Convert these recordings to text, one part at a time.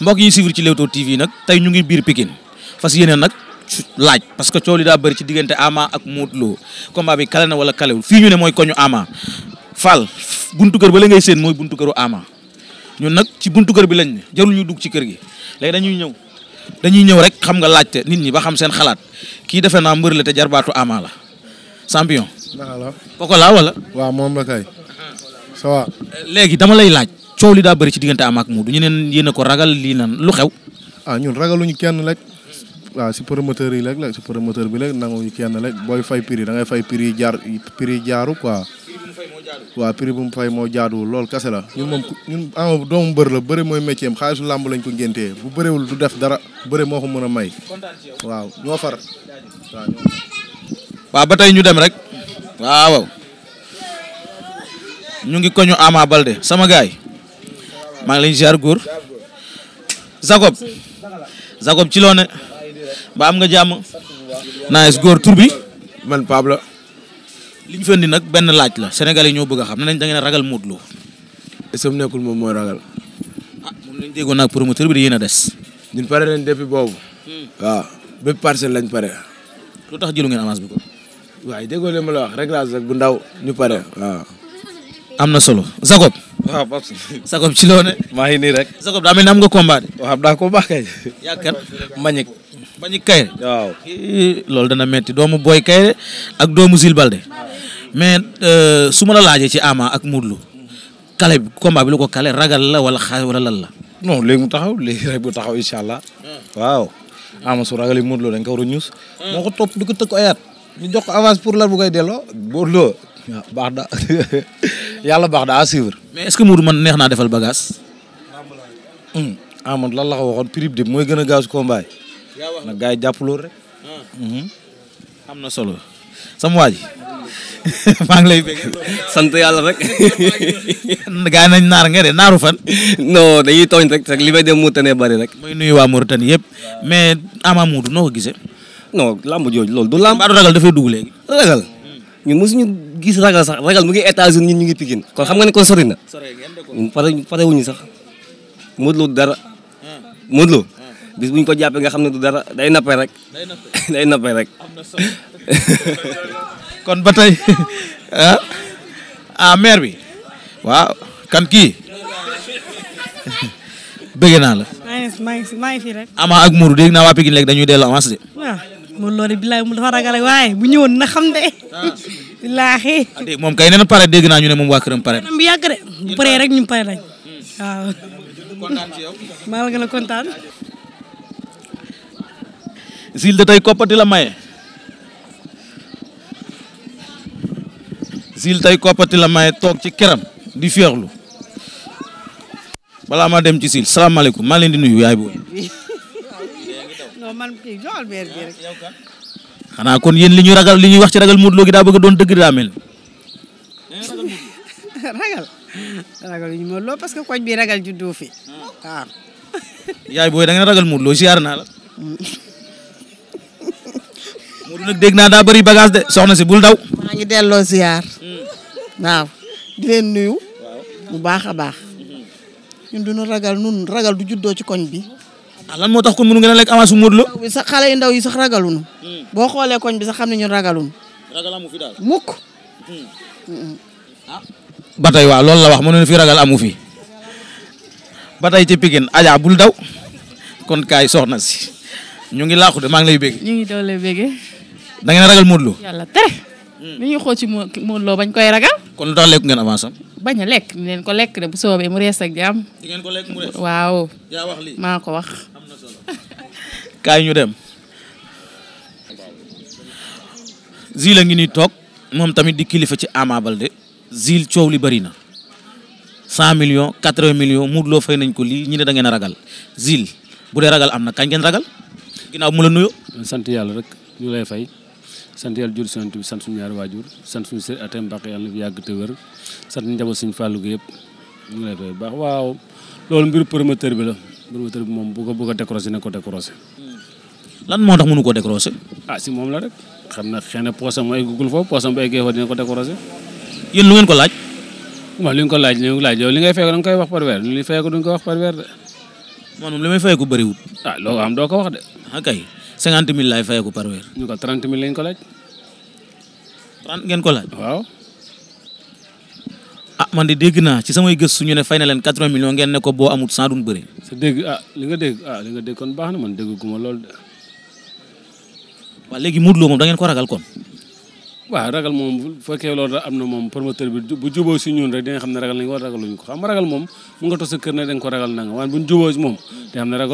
mbokk yi suivre ci Leewtoo TV nag tey ñu ngi biir Pikine fas yéene nag laaj parce que coow li daa bëri ci diggante Ama ak Modou Lo combat bi kale na wala kalewul fii ñu ne mooy koñu Ama Fall buntu kër ba la ngay seen mooy buntu këru Ama ñun nag ci buntu kër bi lañ ne jarul ñu dugg ci kër gi léegi dañuy ñëw dañuy ñëw rek xam nga laajte nit ñi ba xam seen xalaat kii defe naa mbër la te jarbaatu Ama la champion. waaw kooku wala. waaw moom la léegi dama lay laaj. coow li daa bëri ci diggante Ama ak Modou ñu neen ko ragal lii nan lu xew. ah ñun ragaluñu kenn rek waa si promoteur yi rek si promoteur bi rek nanguñu kenn rek booy fay prix da ngay fay prix jaar prix jaaru ko waaw prix bu mu fay moo jaaduwul lool kase la ñun moom ñun doomu mbër la bari mooy métier am xaalisu làmb lañ ko ngéntee bu bariwul du def dara bëre moo ko mën a may waaw ñoo far waa waaw ba tey ñu dem rek waaw ñu ngi koñu Ama Baldé sama gaay maa ngi leen ziar góor Jacob Jacob ci loone ba am nga jàmm nice góor turbi bi man Pablo li ñu fën di nag benn laaj la sénégalais ñoo bëgg a xam ne nañ da ragal mut Lo est-ce moom mooy ragal ah moom lañ déggoon nag promoteur bi di yéen a des ñun pare nañ depuis boobu hmm. waaw bépp parcelle lañ pare lu tax jëlu ngeen avance bi ko waaye déggoo li ma la wax réglage rek bu ndaw ñu pare waaw am na solo Jacob waaw Babs. Sakob ci loo ne. maa ngi nii rek. Sakob daa mel ni am nga combat de. waaw daa combat kay. yaakaar Mbagnick. Mbagnick Kaïré. waaw. loolu dana metti doomu Boy Kaïré ak doomu Jules Baldé mais euh, su ma la laajee ci Ama ak Modou Lô. kale bi combat bi lu ko kale ragal la wala xaar wala lan la. non léegi mu taxaw léegi rek bu taxaw incha allah. Hmm. waaw. Ama su ragalee Modou Lô dañ ko war a ñuus. Hmm. moo ko topp di ko tëkk ayaat. ñu jox ko avance pour lan bu koy delloo. Modou Lô waaw baax na. yàlla baax na à suivre. mais est ce que Modou man neex naa defal bagage. Hmm, ah man lan la ko waxoon prix bi mooy gën a gaaw si combat yi. nag gars yi jàpp loolu rek. Hmm. Hmm. am na solo sama waa ji maa ngi lay bëgg sant yàlla rek. gars yi nañ naar nga de naaru fan. non dañuy tooñ rek rek li may dem Mauritanie bari rek. muy nuyu waa yëpp mais Ama Modou no ko gisee. non lamb jooju loolu du lamb. Badou ragal dafay dugg ñun mosuñu gis ragal sax ragal mu ngi États-Unis ñun ñu ngi Pikine kon xam nga ne kon sori na ñun pare pare wuñu sax Modou Lo du dara hmm. Modou hmm. bis bu ko jàppee nga xam ne du dara day nappee rek day nappee rek kon ba tey ah ah maire bi waaw kan kii bëgg naa la maa ngi fi rek ama ak Mourou dégg naa waa Pikine léegi dañuy dellu avance de Modou Lo de bilaay mu dafa waaye bu ñëwoon na xam de. bilaahi. Ah, moom kay nee na pare dégg naa ñu ne moom waa këram pare. bu yàgg de bu rek ñu pare lañ waaw. kontaan ci yow. maa ngi la kontaan. Zil de tey koppati la maye. Zil tey koppati la maye toog ci këram di féexlu. balaa ma dem ci Zil salaamaaleykum maa leen di nuyu yaay booy. non xanaa kon yéen li ñu ragal li ñuy wax ci ragal Modou Lo daa bëgg doon dëgg daa ragal ragal ñu Modou parce que koñ bi ragal juddoo fi waaw. Ah. Ah. yaay booy da ngeen ragal Modou Lo siyaar naa la. Modou nag dégg naa daa bari bagage de soxna si bul daw. maa ngi delloo siyaar. Hmm. waaw di leen nuyu. bu baax a baax. Hmm. ragal du juddoo ci koñ bi. Ah, lan moo tax kon mënu ngeen a lekk avance bu Modou Lo sax xale yu ndaw yi sax ragalunu hmm. boo xoolee koñ bi sax xam ne ñun ragalunu ragal amu fi daal mukk hmm. ah. loolu la wax mënu ne fi ragal amu fi ba tey ci Pikine Adja bul daw kon kaay soxna si ñu ngi laaxu de maa ngi lay bégg ñu ngi daw lay bégg da ragal Modou Lo yàlla hmm. ñuy xool ci Modou Lo bañ koy ragal kon lu tax lekk ngeen avance am bañ a lekk ni leen ko lekk de bu soobee mu rees ak jàmm di lekk mu rees wax lii maa ko wax kaay ñu dem Zil a ngi nii toog moom tamit di kilifa ci Ama Baldé Zil coow li bari na cent millions quatre-vingts millions nañ ko lii ñu ne da a ragal Zil bu dee ragal am na kañ ngeen ragal ginnaaw mu la nuyoo. sant yàlla rek ñu lay fay sant yàlla jur sant bi sant suñu ñaari waajur sant suñu sëriñ Atem Mbàkke yàlla yàgg te wér sant njaboot suñu fàllu gi yëpp ñu lay fay baax waaw loolu mbiru promoteur bi la promoteur bi moom bu ko bu ko décroché lan moo tax mënu ko décrocher. ah si moom la rek xam na xëy na poosam mu eggagul foofu poosam bu eggee foofu dina ko décrocher. yéen lu ngeen ko laaj. waaw li ko laaj li ñu ko laaj yow li ngay wax par weer li may fay ko bëriwul. Ah, loo am doo ko wax de. ah kay cinquante mille ko par ñu ko trente mille ko laaj. trente ngeen ko laaj. waaw. ah man de dégg naa ci samay gëstu ñu ne fay na leen quatre-vingts millions ngeen ne ko boo amut sans dun bëri. Ah, li nga dégg ah nga dégg kon baax na man dégg gu ma loolu de. waaw léegi Modou moom da ko ragal kon. waaw ragal moom bu fekkee loolu am na moom promoteur bi bu juboo si ñun rek dina xam ne ragal nañ ko ragal moom mun nga toog sa kër ne da ko ragal na nga waaye buñ juboo si moom dina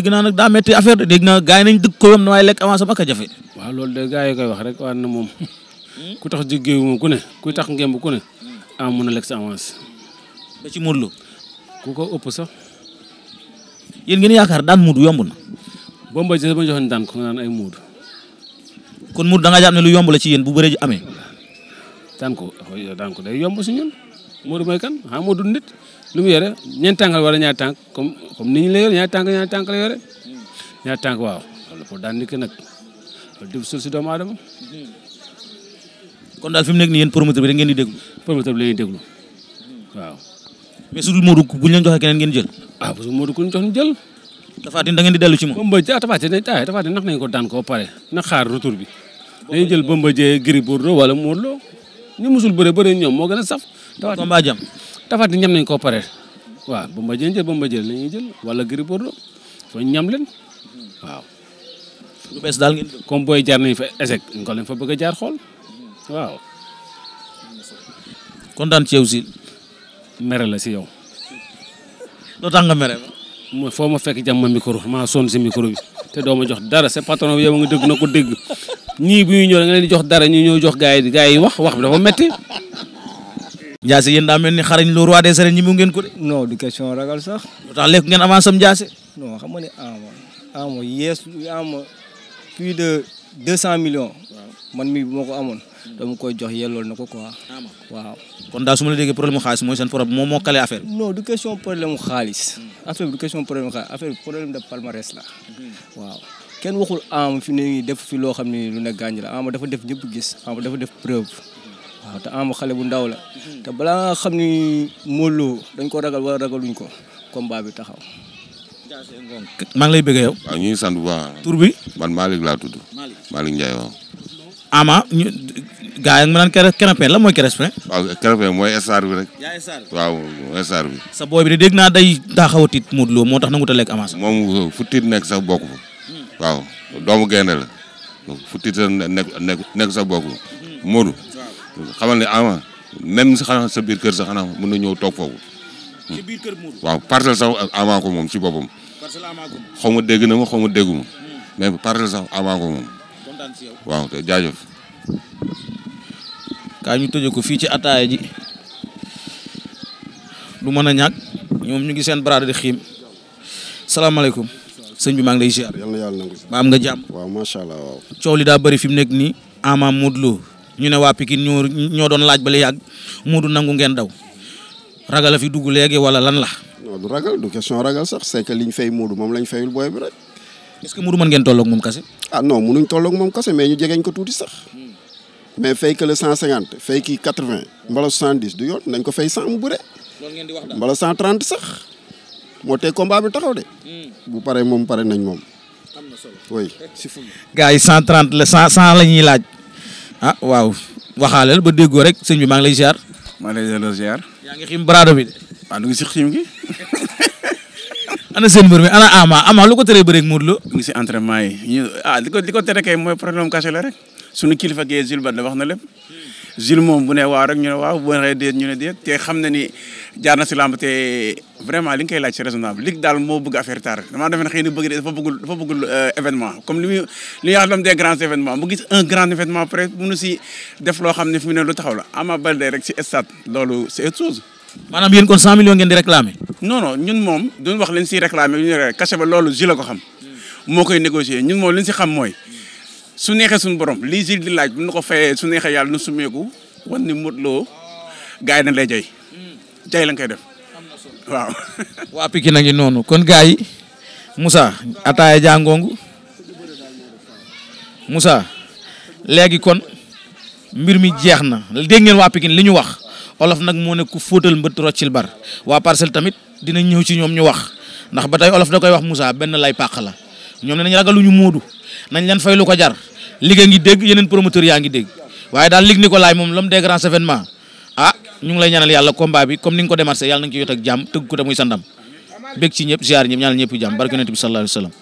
xam daa métti affaire de dégg naa gars nañ dëkk ko yom na waaye lekk avance am ak a jafe. waaw loolu de gars koy wax rek waaye moom hmm? ku tax jigéen ku ne ku tax ngemb ku ne ah mun a lekk sa avance. ba ci Modou Lo ku ko ëpp sax yéen ngeen yaakaar daan muudu yomb na. Bomboy si ma joxoon daan ko naan ay muudu. kon muudu da ngaa ne lu yomb la ci yéen bu bëree ji amee. daan ko daan ko day yomb si ñun muudu mooy kan ah, nit lu mu yore ñeent tànk wala tànk comme comme ni ñu la yore ñaar tànk ñaar tànk la yore ñaar waaw pour daan nit ki nag loolu doomu aadama. kon daal fi mu nekk nii yéen promoteur bi rek ngeen di déglu. promoteur bi la ñuy déglu waaw. mais su dul muudu bu ñu leen keneen ngeen jël. ah parce que Modou ku ñu jox ñu jël. Tapha Tine da dellu ci moom. Bombardier ah Tapha Tine ah Tapha Tine nax nañu ko daan koo pare na xaar retour bi. dañuy jël Bombardier Gris Bordeaux wala Modou loo ñu musul bëre bëre ñoom moo gën a saf. Tapha Tine Tapha Tine ñam nañu koo pare waaw Bombardier jël Bombardier la ñuy jël wala Gris Bordeaux foo ñam leen waaw. lu bees daal jaar nañu fa échec ñu ko bëgg jaar xool waaw. kontaan ci yow si. mere la si yow. loo tax nga mere ma. foo ma fekk jàmm ma micro maa sonn si micro bi te doo ma jox dara sa patron bi yow nga dégg na ko dégg ñii bu ñuy ñëw nga leen di jox dara ñu ñëw jox gars yi gars yi wax wax bi dafa metti Ndiasse yéen daa mel ni xarañ lu waa des arènes ñi ngeen ko de. non du question ragal sax. lu tax lekk ngeen avance am Ndiasse. non xam nga ne Ama Ama yees Ama plus de deux cent millions. man mi bu ma ko amoon. dama koy jox yellool na ko quoi waaw. kon daal la déggee problème xaalis moom moo kale affaire bi. non du question problème mu xaalis. affaire du question problème mu xaalis affaire bi problème de palmarès la waaw. kenn waxul Ama fi ne def fi loo xam ne lu ne gaañ la Ama dafa def ñëpp gis Ama def preuve waaw te Ama xale bu ndaw la te balaa nga xam ni Modou Lo dañ ko ragal wala ragaluñ ko combat bi taxaw. maa ngi lay bëgg yow. waaw ñu ngi sant bu baax. tur laa tudd. Malick Malick Ndiaye waaw. Ama gaa yi ma naan cré crépin la mooy crépin. mooy star rek. waaw mooy star sa booy bi de dégg naa day daa xaw a tiit moo tax nangu ta lekk avance. moom fu tiit nekk sax bokk fa. Hmm. waaw doomu gaynde la fu tiit sax nekk nekk sax bokk fa. Hmm. Modou a ne ama même si sa biir kër sax xanaa mën na ñëw toog foofu. Hmm. ci biir kër Modou. waaw parcelle sax amaa ko moom ci boppam. parcelle amaa xaw ma dégg na ma xaw ma déggu ma mais sax amaa ko moom. waaw te jaajëf. gaa ñu tëjee ko fii ci ataaya ji du mën a ñàkk ñoom ñu ngi seen baraada di xiim salaamaaleykum sëñ bi maa ngi lay ziar. yàlla si. ba nga jàmm. waaw macha allah waaw. coow li daa bari fi mu nekk nii. Ama Modou Lo ñu ne waa Pikine ñoo ñoo doon laaj ba la yàgg Modou nangu ngeen daw ragal a fi dugg léegi wala lan la. non du ragal du question ragal sax c'est liñ fay Modou moom lañ fayul booy bi rek. est que Modou mën ngeen tolloog moom kase. ah ñu jegeñ ko tuuti sax. mais fay que le 150 fay kii 80 mbala 70 du yoon nañ ko fay 100 mu bëre. loolu ngeen di wax daal mbala 130 sax moo tee combat bi taxaw de. Hmm. bu paree moom pare nañ moom. am na solo oui. gars yi 130 la 100 100 la ñuy laaj. ah waaw waxaaleel ba déggoo rek sëñ bi maa ngi lay ziar. maa ngi lay delloo ziar. yaa ngi xim baraado bi de. waaw ah, ngi si xim gi. ana seen mbër mi ana Ama lu ko teree bëreeg Modou Lo. mu ngi si entraînement yi ah, li ko li ko tere kay mooy problème mu kase rek. suñu kilifa gee Jules Baldé wax na lépp Jules moom bu ne waaw rek ñu waaw bu ne déet ñu te xam na ni jaar na si làmb te vraiment li nga koy laaj si raisonnable li daal moo bëgg affaire tar damaa defe ne xëy na bëgg dafa bëggul dafa bëggul euh, gis un grand événement près mënu loo xam ne fi lu la Ama Baldé rek si stade loolu c'est autre chose réclamer. non moom duñ wax leen siy réclamer lu ñu ne cachet ba loolu ji la ko xam moo koy négocier ñun moom li ñu si xam mooy su neexee suñu borom lii Gilles di laaj bu ñu ko fayee su neexee yàlla na sumeeku wan ni Modou Lo gars yi dañ lay jay hmm. jay lañ koy def waaw. waa Pikine a ngi noonu kon gaay yi Moussa ataaya jàngoongu Moussa léegi kon mbir mi jeex na dégg ngeen waa Pikine li ñu wax olof nag moo ne ku fóotal mbët roccil bar waa parcelle tamit dinañ ñëw ci ñoom ñu wax ndax ba tey olof da koy wax Moussa benn lay pàq la ñoom ne nañ ragaluñu Modou. nañ leen fay lu ko jar liggéey ngi dégg yeneen promoteur yaa ngi dégg waaye daal lig Nicolas moom l'homme des grands événements ah ñu ngi lay ñaanal yàlla combat bi comme ni nga ko démarché yàlla na nga ci yot ak jàmm tëgg ko te sandam bég ci ñëpp ziar ñëpp ñaanal ñëpp jàmm barke yonent bi sallallahu